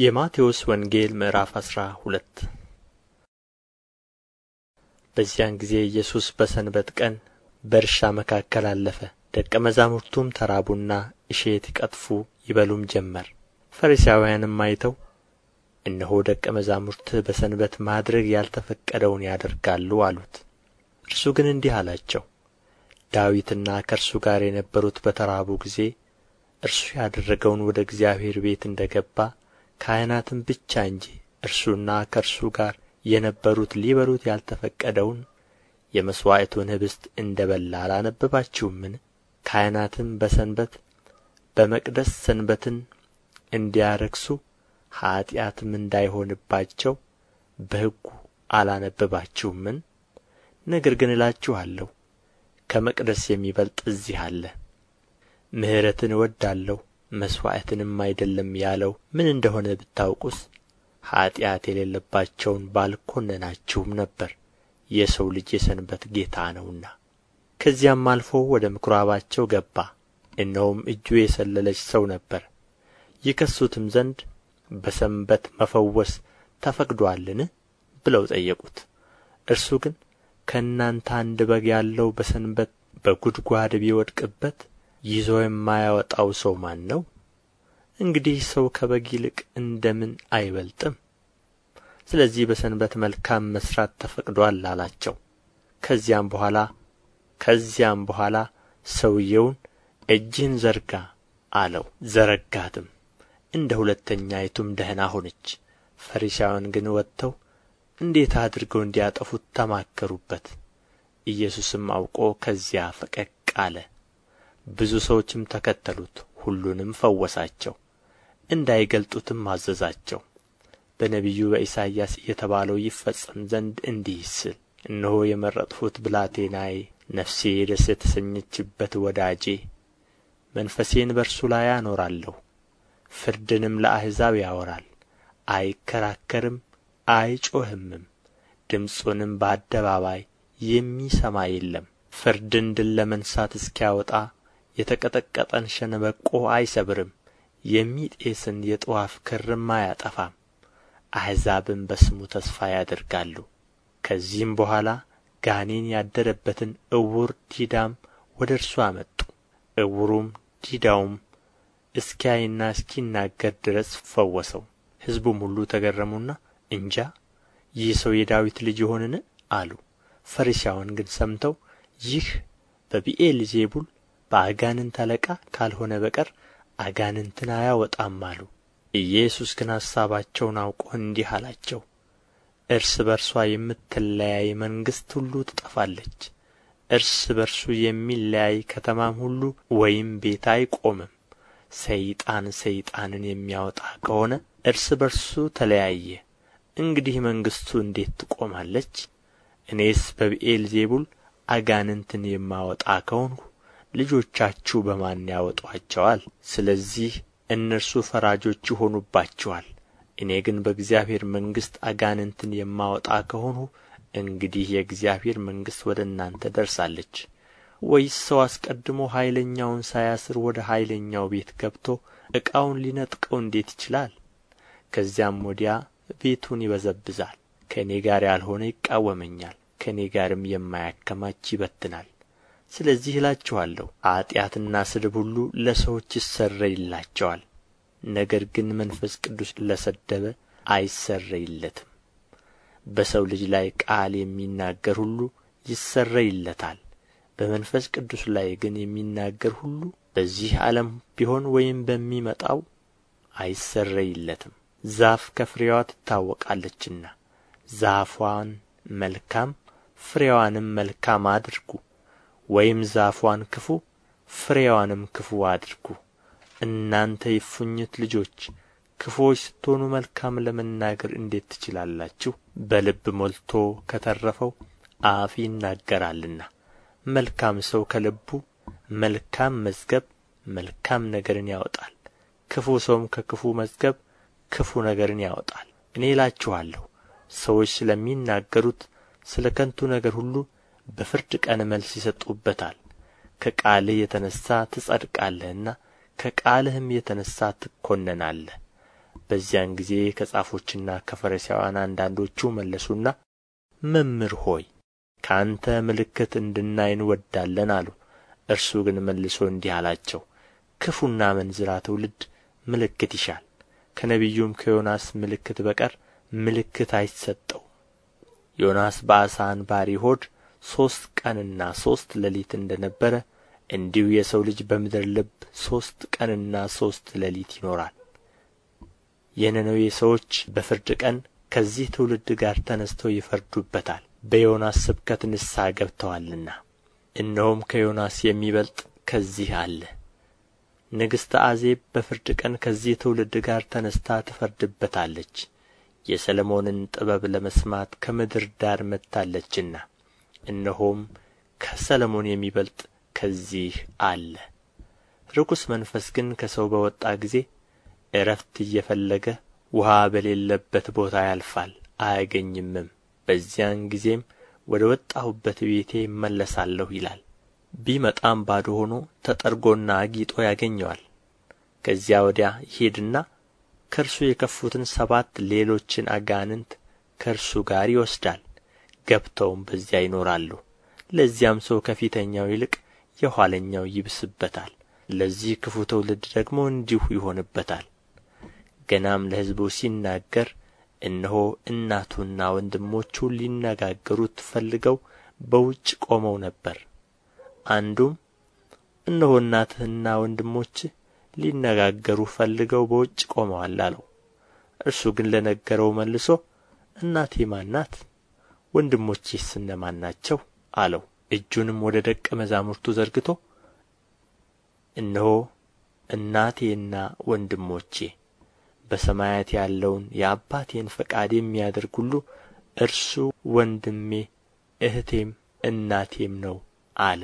የማቴዎስ ወንጌል ምዕራፍ አስራ ሁለት በዚያን ጊዜ ኢየሱስ በሰንበት ቀን በእርሻ መካከል አለፈ። ደቀ መዛሙርቱም ተራቡና እሸት ይቀጥፉ ይበሉም ጀመር። ፈሪሳውያንም አይተው እነሆ ደቀ መዛሙርትህ በሰንበት ማድረግ ያልተፈቀደውን ያደርጋሉ አሉት። እርሱ ግን እንዲህ አላቸው፣ ዳዊትና ከእርሱ ጋር የነበሩት በተራቡ ጊዜ እርሱ ያደረገውን ወደ እግዚአብሔር ቤት እንደ ገባ ካህናትም ብቻ እንጂ እርሱና ከእርሱ ጋር የነበሩት ሊበሉት ያልተፈቀደውን የመሥዋዕቱን ኅብስት እንደ በላ አላነበባችሁምን ካህናትም በሰንበት በመቅደስ ሰንበትን እንዲያረክሱ ኀጢአትም እንዳይሆንባቸው በሕጉ አላነበባችሁምን? ነገር ግን እላችኋለሁ ከመቅደስ የሚበልጥ እዚህ አለ። ምሕረትን እወዳለሁ መሥዋዕትንም አይደለም ያለው ምን እንደ ሆነ ብታውቁስ ኀጢአት የሌለባቸውን ባልኮነናችሁም ነበር የሰው ልጅ የሰንበት ጌታ ነውና ከዚያም አልፎ ወደ ምኵራባቸው ገባ እነሆም እጁ የሰለለች ሰው ነበር። ይከሱትም ዘንድ በሰንበት መፈወስ ተፈቅዶአልን ብለው ጠየቁት እርሱ ግን ከእናንተ አንድ በግ ያለው በሰንበት በጉድጓድ ቢወድቅበት ይዞ የማያወጣው ሰው ማን ነው? እንግዲህ ሰው ከበግ ይልቅ እንደምን አይበልጥም? ስለዚህ በሰንበት መልካም መስራት ተፈቅዶአል አላቸው። ከዚያም በኋላ ከዚያም በኋላ ሰውየውን እጅህን ዘርጋ አለው። ዘረጋትም፣ እንደ ሁለተኛይቱም ደህና ሆነች። ፈሪሳውያን ግን ወጥተው እንዴት አድርገው እንዲያጠፉት ተማከሩበት። ኢየሱስም አውቆ ከዚያ ፈቀቅ አለ። ብዙ ሰዎችም ተከተሉት፣ ሁሉንም ፈወሳቸው፣ እንዳይገልጡትም አዘዛቸው። በነቢዩ በኢሳይያስ የተባለው ይፈጸም ዘንድ እንዲህ ሲል እነሆ የመረጥሁት ብላቴናዬ፣ ነፍሴ ደስ የተሰኘችበት ወዳጄ፣ መንፈሴን በእርሱ ላይ አኖራለሁ። ፍርድንም ለአሕዛብ ያወራል፣ አይከራከርም፣ አይጮህምም፣ ድምፁንም በአደባባይ የሚሰማ የለም። ፍርድን ድል ለመንሣት እስኪያወጣ የተቀጠቀጠን ሸንበቆ አይሰብርም የሚጤስን የጥዋፍ ክርም አያጠፋም አሕዛብም በስሙ ተስፋ ያደርጋሉ ከዚህም በኋላ ጋኔን ያደረበትን ዕውር ዲዳም ወደ እርሱ አመጡ ዕውሩም ዲዳውም እስኪያይና እስኪናገር ድረስ ፈወሰው ሕዝቡም ሁሉ ተገረሙና እንጃ ይህ ሰው የዳዊት ልጅ ይሆንን አሉ ፈሪሳውያን ግን ሰምተው ይህ በብኤል ዜቡል በአጋንንት አለቃ ካልሆነ በቀር አጋንንትን አያወጣም አሉ። ኢየሱስ ግን ሐሳባቸውን አውቆ እንዲህ አላቸው፣ እርስ በርሷ የምትለያይ መንግሥት ሁሉ ትጠፋለች። እርስ በርሱ የሚለያይ ከተማም ሁሉ ወይም ቤት አይቆምም። ሰይጣን ሰይጣንን የሚያወጣ ከሆነ እርስ በርሱ ተለያየ። እንግዲህ መንግሥቱ እንዴት ትቆማለች? እኔስ በብኤል ዜቡል አጋንንትን የማወጣ ከሆንሁ ልጆቻችሁ በማን ያወጡአቸዋል ስለዚህ እነርሱ ፈራጆች ይሆኑባችኋል እኔ ግን በእግዚአብሔር መንግሥት አጋንንትን የማወጣ ከሆኑ እንግዲህ የእግዚአብሔር መንግሥት ወደ እናንተ ደርሳለች ወይስ ሰው አስቀድሞ ኃይለኛውን ሳያስር ወደ ኃይለኛው ቤት ገብቶ ዕቃውን ሊነጥቀው እንዴት ይችላል? ከዚያም ወዲያ ቤቱን ይበዘብዛል። ከእኔ ጋር ያልሆነ ይቃወመኛል፣ ከእኔ ጋርም የማያከማች ይበትናል። ስለዚህ እላችኋለሁ ኃጢአትና ስድብ ሁሉ ለሰዎች ይሰረይላቸዋል፣ ነገር ግን መንፈስ ቅዱስ ለሰደበ አይሰረይለትም። በሰው ልጅ ላይ ቃል የሚናገር ሁሉ ይሰረይለታል፣ በመንፈስ ቅዱስ ላይ ግን የሚናገር ሁሉ በዚህ ዓለም ቢሆን ወይም በሚመጣው አይሰረይለትም። ዛፍ ከፍሬዋ ትታወቃለችና ዛፏን መልካም ፍሬዋንም መልካም አድርጉ። ወይም ዛፏን ክፉ ፍሬዋንም ክፉ አድርጉ። እናንተ የእፉኝት ልጆች ክፉዎች ስትሆኑ መልካም ለመናገር እንዴት ትችላላችሁ? በልብ ሞልቶ ከተረፈው አፍ ይናገራልና። መልካም ሰው ከልቡ መልካም መዝገብ መልካም ነገርን ያወጣል፣ ክፉ ሰውም ከክፉ መዝገብ ክፉ ነገርን ያወጣል። እኔ እላችኋለሁ ሰዎች ስለሚናገሩት ስለ ከንቱ ነገር ሁሉ በፍርድ ቀን መልስ ይሰጡበታል። ከቃልህ የተነሳ ትጸድቃለህና ከቃልህም የተነሳ ትኮነናለህ። በዚያን ጊዜ ከጻፎችና ከፈሪሳውያን አንዳንዶቹ መለሱና መምህር ሆይ ከአንተ ምልክት እንድናይ እንወዳለን አሉ። እርሱ ግን መልሶ እንዲህ አላቸው፣ ክፉና መንዝራ ትውልድ ምልክት ይሻል፣ ከነቢዩም ከዮናስ ምልክት በቀር ምልክት አይሰጠው ዮናስ በአሳ አንባሪ ሆድ ሦስት ቀንና ሦስት ሌሊት እንደ ነበረ እንዲሁ የሰው ልጅ በምድር ልብ ሦስት ቀንና ሦስት ሌሊት ይኖራል የነነዌ ሰዎች በፍርድ ቀን ከዚህ ትውልድ ጋር ተነስተው ይፈርዱበታል በዮናስ ስብከት ንስሐ ገብተዋልና እነሆም ከዮናስ የሚበልጥ ከዚህ አለ ንግሥተ አዜብ በፍርድ ቀን ከዚህ ትውልድ ጋር ተነስታ ትፈርድበታለች የሰለሞንን ጥበብ ለመስማት ከምድር ዳር መጥታለችና እነሆም ከሰለሞን የሚበልጥ ከዚህ አለ ርኩስ መንፈስ ግን ከሰው በወጣ ጊዜ እረፍት እየፈለገ ውሃ በሌለበት ቦታ ያልፋል አያገኝምም በዚያን ጊዜም ወደ ወጣሁበት ቤቴ እመለሳለሁ ይላል ቢመጣም ባዶ ሆኖ ተጠርጎና አጊጦ ያገኘዋል ከዚያ ወዲያ ይሄድና ከእርሱ የከፉትን ሰባት ሌሎችን አጋንንት ከእርሱ ጋር ይወስዳል ገብተውም በዚያ ይኖራሉ። ለዚያም ሰው ከፊተኛው ይልቅ የኋለኛው ይብስበታል፣ ለዚህ ክፉ ትውልድ ደግሞ እንዲሁ ይሆንበታል። ገናም ለሕዝቡ ሲናገር እነሆ እናቱና ወንድሞቹ ሊነጋገሩት ፈልገው በውጭ ቆመው ነበር። አንዱም እነሆ እናትህና ወንድሞች ሊነጋገሩ ፈልገው በውጭ ቆመዋል አለው። እርሱ ግን ለነገረው መልሶ እናቴ ማን ናት? ወንድሞችህስ እነማን ናቸው አለው እጁንም ወደ ደቀ መዛሙርቱ ዘርግቶ እነሆ እናቴና ወንድሞቼ በሰማያት ያለውን የአባቴን ፈቃድ የሚያደርግ ሁሉ እርሱ ወንድሜ እህቴም እናቴም ነው አለ